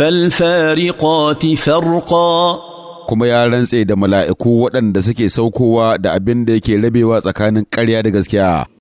فالفارقات فرقا kuma ya rantse da mala'iku waɗanda suke saukowa da abin da yake rabewa tsakanin ƙarya da gaskiya